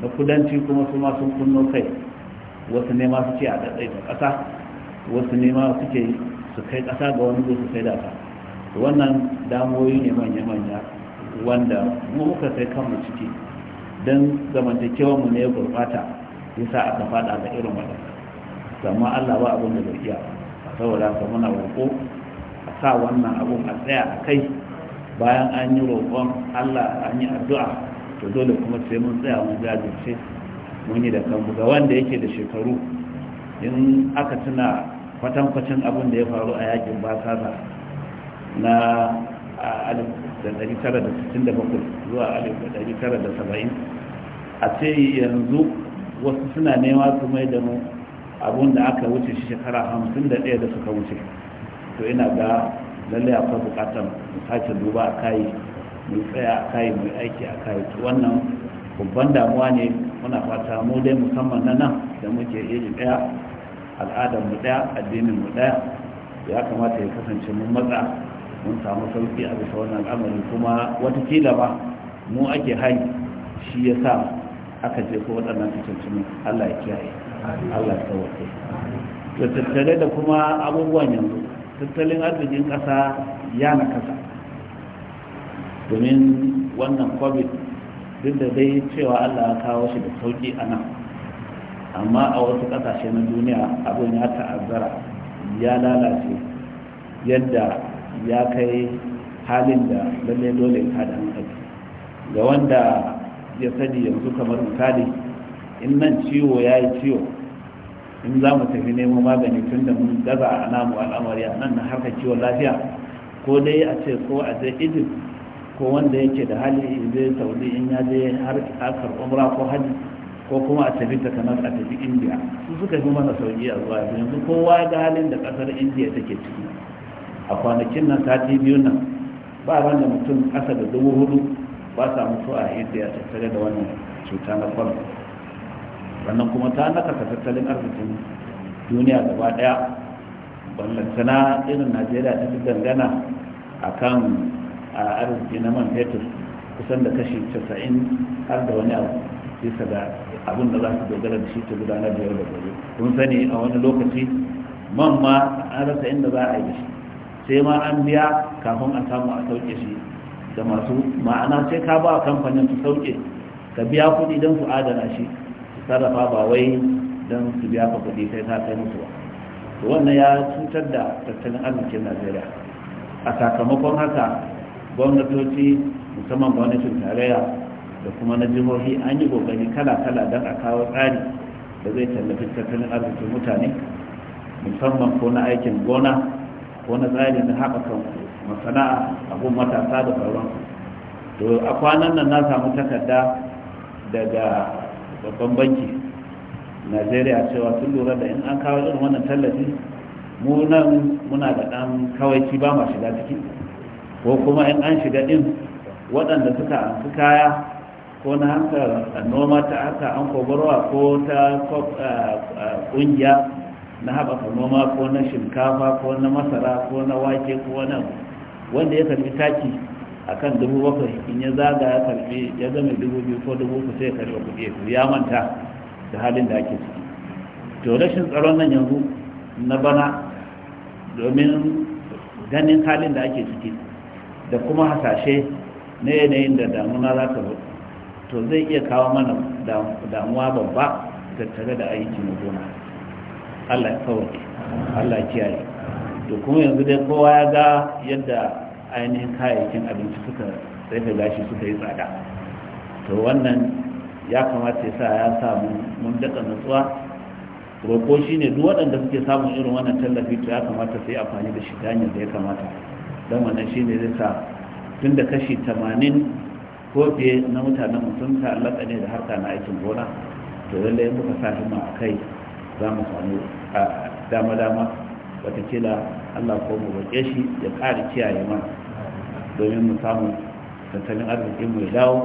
na kudanci kuma su masu sun kunno kai wasu ne su ce a da ƙasa wasu ne masu suke su kai ƙasa ga wani su sai da ta wannan damoyi ne manya-manya wanda mu muka sai kanmu ciki don zamantakewar mu ne ya gurɓata sa aka faɗa ga irin waɗanda amma Allah ba abin da bai iya saboda haka muna roƙo a sa wannan abun a tsaya a kai bayan an yi roƙon Allah an yi addu'a to dole kuma sai mun tsaya mun jajirce mun yi da kanmu ga wanda yake da shekaru in aka tuna kwatankwacin abin da ya faru a yakin basasa na 1967 zuwa 1970 a ce yanzu wasu suna nema su mai da mu da aka wuce shi shekara 51 da suka wuce to ina ga lalle akwai bukatar mu sake duba a kayi mu tsaya a kayi mu aiki a kayi wannan babban damuwa ne muna fata mu dai musamman na nan da muke iri daya al'adar mu daya addinin mu daya ya kamata ya kasance mun matsa mun samu sauki a bisa wannan al'amari kuma wata kila ba mu ake hai shi ya sa aka je ko waɗannan fitattun allah ya kiyaye allah ya sauwake da tattare da kuma abubuwan yanzu tattalin arzikin ƙasa ya na ƙasa, domin wannan covid duk da dai cewa allah ya kawo shi da sauƙi a nan amma a wasu ƙasashe na duniya abin ya ta'azzara ya lalace yadda ya kai halin da lalle dole ta da hankali ga wanda ya sani yanzu kamar misali in nan ciwo ya yi ciwo in za mu tafi neman magani tun da mun gaza a namu al'amari a nan na harkar kiwon lafiya ko dai a ce ko a je egypt ko wanda yake da hali zai saudi in ya je har akar umra ko hajji ko kuma a tafi ta kamar a tafi india su suka fi mana sauki a zuwa yanzu kowa ga halin da kasar india take ciki a kwanakin nan sati biyu nan ba ran da mutum kasa da dubu hudu ba sa mutuwa a india tattare da wannan cuta na kwallo wannan kuma ta nakasa tattalin arzikin duniya gaba daya ballantana irin najeriya ta fi dangana a kan arziki na man fetur kusan da kashi 90 har da wani abu bisa da abin da za su dogara da shi ta gudanar da yau da gobe kun sani a wani lokaci man ma an rasa inda za a yi shi sai ma an biya kafin a samu a sauke shi da masu ma'ana sai ka ba kamfanin su sauke ka biya kuɗi don su adana shi sarrafa ba wai don su biya ka kuɗi sai ta kai musu ba to wannan ya cutar da tattalin arzikin najeriya a sakamakon haka gwamnatoci musamman gwamnatin tarayya da kuma na jihohi an yi kokari kala-kala don a kawo tsari da zai tallafi tattalin arzikin mutane musamman ko na aikin gona ko na tsari na haɓakan masana'a abun matasa da sauransu to a kwanan nan na samu takarda daga babban banki najeriya cewa sun lura da in an kawo irin wannan tallafi mu nan muna da ɗan kawaici ba ma shiga ciki ko kuma in an shiga din waɗanda suka amfi kaya ko na hankar noma ta haka an kogarwa ko ta ƙungiya na haɓaka noma ko na shinkafa ko na masara ko na wake ko na wanda ya karbi taki akan dubu bakwai in ya zaga ya karbi ya zama dubu biyu ko dubu uku sai ya karbi kuɗi ya manta da halin da ake ciki to rashin tsaron nan yanzu na bana domin ganin halin da ake ciki da kuma hasashe na yanayin da damuna za ta to zai iya kawo mana damuwa babba tattare da aiki na gona allah kawai allah kiyaye to kuma yanzu dai kowa ya ga yadda ainihin kayayyakin abinci suka rufe gashi suka yi tsada to wannan ya kamata ya sa ya samu mun daɗa nutsuwa roƙo shi ne duk waɗanda suke samun irin wannan tallafi to ya kamata su yi amfani da shi ta da ya kamata don wannan shi ne zai sa tun da kashi tamanin ko fiye na mutanen mutum ta alaƙa ne da harka na aikin gona to lallai muka sa himma a kai za mu samu dama-dama watakila allah ko mu roƙe shi ya ƙara kiyaye mana domin mu samu tattalin arzikin mai dawo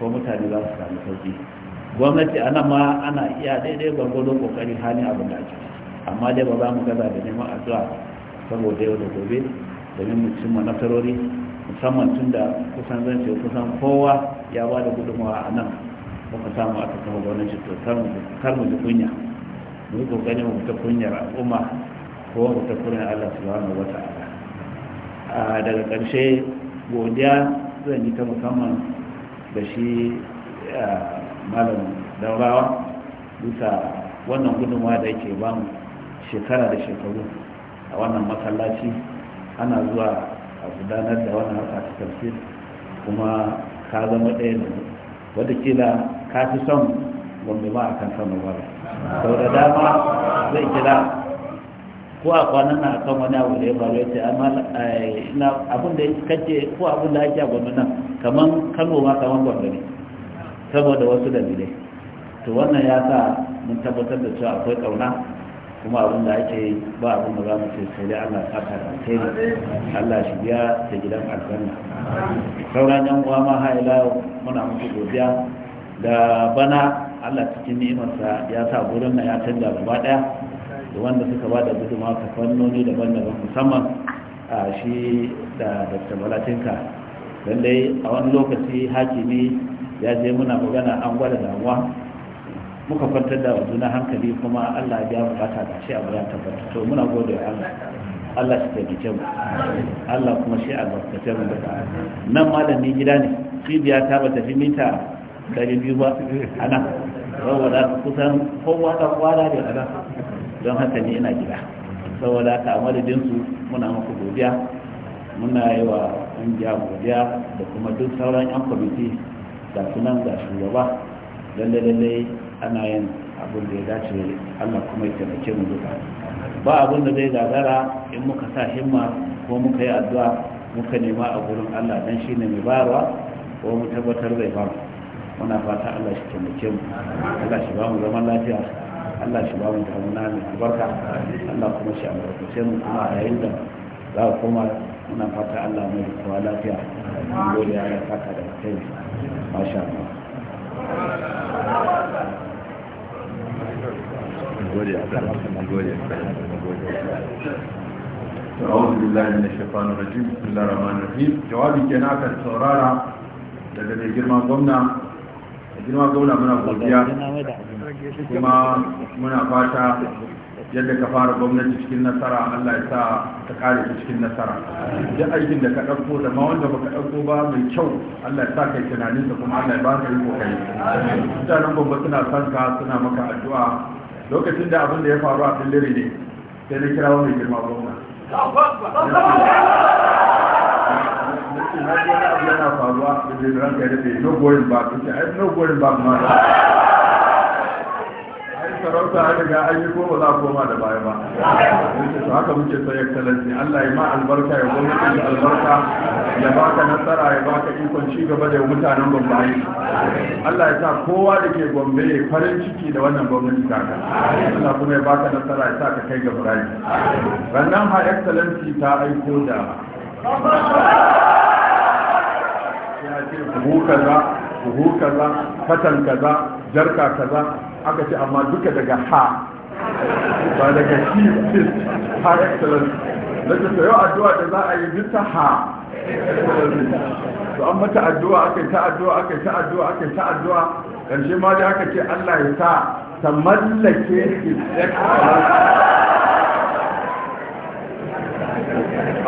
ko mutane za su samu sauki gwamnati ana ma ana iya daidai gwargwado kokari halin abin da ake amma dai ba za mu gaza da neman addu'a saboda yau da gobe domin mu cimma nasarori musamman tun da kusan zan ce kusan kowa ya ba da gudunmawa a nan kuma samu aka kama gwamnati to kar mu ji kunya mu yi kokari mu ta kunyar al'umma ko mu ta kunyar Allah subhanahu wa ta'ala daga ƙarshe godiya zan yi ta musamman da shi eh, malam daurawa bisa wannan gudunwa da yake ba shekara da shekaru a wannan masallaci ana zuwa a gudanar da wannan harka ta tafsir kuma ka zama ɗaya da kila ka fi son gombe ma a kan sama ba sau da dama zai kila ko a kwana na kan wani abu da ya faru ya ce amma abin da kace ko abin da ake a nan kaman kano ma kaman gwamnati saboda wasu dalilai to wannan ya sa mun tabbatar da cewa akwai kauna kuma abin da ake ba abin da za mu ce sai dai Allah saka da alheri Allah shi biya da gidan aljanna sauran yan uwa ma ha ila muna muku godiya da bana Allah cikin ni'imarsa ya sa gurin na ya canza gaba daya da wanda suka ba da guduma ta fannoni daban-daban musamman a shi da dr don dai a wani lokaci hakimi ya je muna magana an gwada damuwa muka kwantar da juna hankali kuma allah ya bukata da shi a bayan tabbata to muna gode wa allah allah shi taimake mu allah kuma shi albarkace mu da nan malami gida ne cibiya ta bata fi mita ɗari biyu ba a nan da kusan kowa da kwana ne a nan don haka ne ina gida saboda ta madadin su muna muku godiya muna yi wa ƙungiya godiya da kuma duk sauran 'yan kwamiti da sunan ga shugaba lalle lalle ana yin abin da ya dace allah kuma ya taimake mu duka ba abin da zai gagara in muka sa himma ko muka yi addu'a muka nema a gurin allah dan shi ne mai bayarwa ko mu tabbatar zai ba muna fata allah shi taimake mu allah shi ba mu zaman lafiya Allah shi ba mu da muna mai albarka Allah kuma shi albarkace mu kuma a yayin da za ku koma muna fata Allah mai kowa lafiya mun gode saka da kai masha Allah أعوذ بالله من الشيطان الرجيم بسم الله الرحمن الرحيم جوابي daga mai girma gwamna girma gwamna muna godiya kuma muna fata yadda ka fara gwamnati cikin nasara Allah ya sa ta kare ta cikin nasara duk aikin da ka ɗauko da ma wanda baka ɗauko ba mai kyau Allah ya sa kai tunanin da kuma Allah ya ba ka yi kokari mutanen gwamnati suna son ka suna maka addu'a lokacin da abin da ya faru a billiri ne sai na kira mai girma gwamna na ce na ce wani abu yana faruwa da zai ranka ya daɗe no going back no going back ma sarauta ya riga an yi ko ba za a koma da baya ba to haka muke sai excellency Allah ya ma albarka ya gwamna da albarka ya baka nasara ya baka ikon ci gaba da mutanen Bombay Allah ya sa kowa da ke Gombe ya farin ciki da wannan gwamnati ta ka. Allah kuma ya baka nasara ya sa ka kai ga burayi rannan ha excellency ta aiko da ya ce buhu kaza buhu kaza fatan kaza jarka kaza aka ce amma duka daga ha ba daga shi ha excellent da ta yau addu'a da za a yi duka ha to an mata addu'a aka yi ta addu'a aka yi ta addu'a aka yi ta addu'a ƙarshe ma dai aka ce Allah ya sa ta mallake his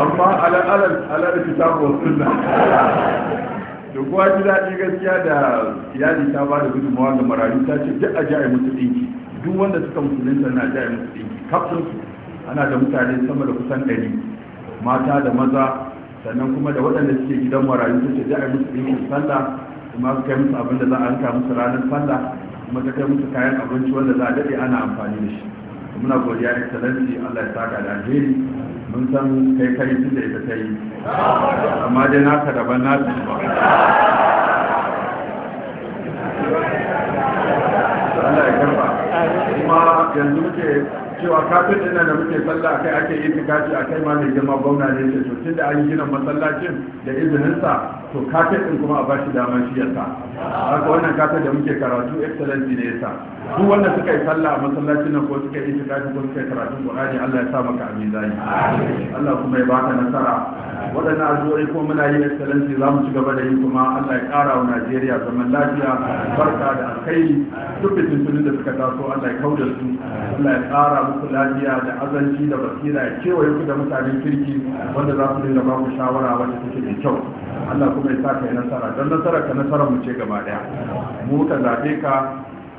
amma ala ala ala kitabu wa sunna to kuwa ji daɗi gaskiya da iyali ta ba da gudunmawa ga marayu ta ce duk a ji a musu ɗinki duk wanda suka musulunta na ji a musu ɗinki kafin ana da mutane sama da kusan ɗari mata da maza sannan kuma da waɗanda suke gidan marayu ta ce ji a musu ɗinkin sallah kuma su kai musu abin da za a rika musu ranar sallah kuma ta kai musu kayan abinci wanda za a daɗe ana amfani da shi muna godiya excellency allah ya saka da alheri mun san kai kai tun da ita ta yi amma dai naka daban nasu ba Allah ya karba kuma yanzu muke cewa kafin ina da muke sallah akai ake yi tikaci akai ma mai girma gwamna ne ce to tun da an gina masallacin da izininsa to kafin din kuma a ba shi damar shi yasa haka wannan kafin da muke karatu excellence ne yasa duk wanda suka yi sallah a masallacin nan ko suka yi itikafi ko suka yi karatun qur'ani Allah ya sa maka amin mizani Allah kuma ya baka nasara waɗannan addu'o'i ko muna yi excellence za mu ci gaba da yi kuma Allah ya ƙara wa Najeriya zaman lafiya barka da alkhairi duk fitintunin da suka taso Allah ya kauda su Allah ya ƙara muku lafiya da azanci da basira ya kewaye ku da mutanen kirki wanda za su dinga ba ku shawara wanda take da kyau Allah kuma zai sa kai nasara don nasara ka nasara mu ce gaba daya mu ka zaɓe ka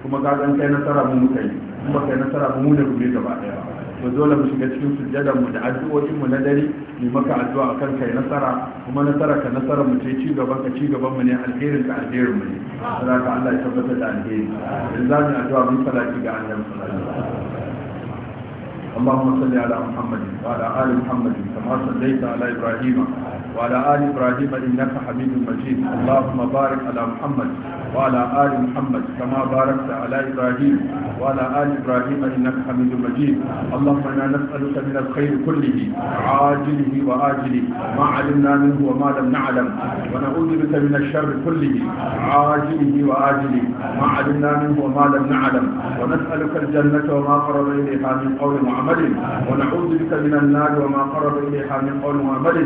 kuma ka zan kai nasara mu muka yi kuma kai nasara mu da gube gaba daya to dole mu shiga cikin sujjadar mu da addu'o'in mu na dare mu maka addu'a akan kai nasara kuma nasara ka nasara mu ce ci gaba ka ci gaban mu ne alherin ka alherin mu ne saboda Allah ya tabbatar da alheri yanzu za mu addu'a mun salati ga Allah sallallahu alaihi wasallam اللهم صل على محمد وعلى آل محمد كما صليت على إبراهيم وعلى آل إبراهيم إنك حميد مجيد اللهم بارك على محمد وعلى آل محمد كما باركت على إبراهيم وعلى آل إبراهيم إنك حميد مجيد اللهم إنا نسألك من الخير كله عاجله وآجله ما علمنا منه وما لم نعلم ونعوذ بك من الشر كله عاجله وآجله ما علمنا منه وما لم نعلم ونسألك الجنة وما قرب إليها من قول وعمل وعمل ونعوذ بك من النار وما قرب إليها من قول وعمل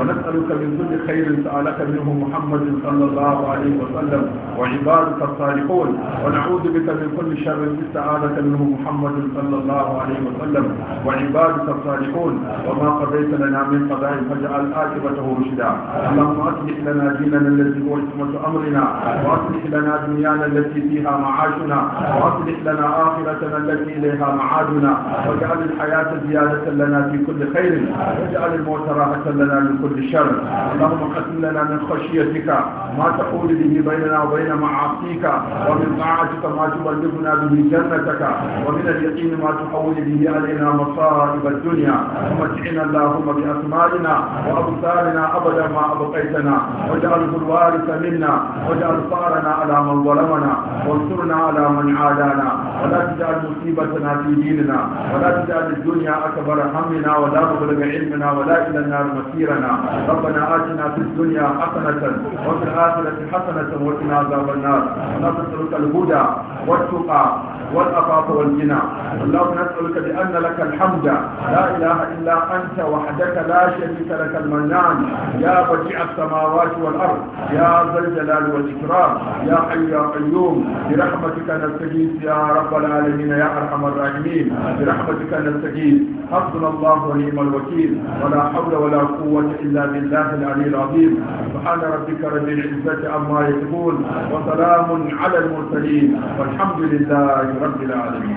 ونسألك من كل خير سألك منه محمد صلى الله عليه وسلم وعبادك الصالحون ونعوذ بك من كل شر استعاذك منه محمد صلى الله عليه وسلم وعبادك الصالحون وما قضيت لنا من قضاء فاجعل عاقبته رشدا اللهم أصلح لنا ديننا الذي هو عصمة أمرنا وأصلح لنا دنيانا التي فيها معاشنا وأصلح لنا آخرتنا التي إليها معادنا واجعل واجعل الحياة زيادة لنا في كل خير واجعل الموت راحة لنا من كل شر اللهم قسم لنا من خشيتك ما تحول به بيننا وبين معاصيك ومن طاعتك ما تبلغنا به جنتك ومن اليقين ما تحول به علينا مصائب الدنيا ومتعنا اللهم بأسمائنا وأبصارنا أبدا ما أبقيتنا واجعله الوارث منا واجعل صارنا على من ظلمنا وانصرنا على من عادانا ولا تجعل مصيبتنا في ديننا ولا تجعل تجعل الدنيا أكبر همنا ولا مبلغ علمنا ولا إلى النار مسيرنا ربنا آتنا في الدنيا حسنة وفي الآخرة حسنة وقنا عذاب النار ونسألك الهدى والتقى والأفاق والجنى اللهم نسألك بأن لك الحمد لا إله إلا أنت وحدك لا شريك لك المنان يا بديع السماوات والأرض يا ذا الجلال والإكرام يا حي يا قيوم برحمتك نستغيث يا رب العالمين يا أرحم الراحمين برحمتك أن نستجيب حسبنا الله ونعم الوكيل ولا حول ولا قوة إلا بالله العلي العظيم سبحان ربك رب العزة عما يصفون وسلام على المرسلين والحمد لله رب العالمين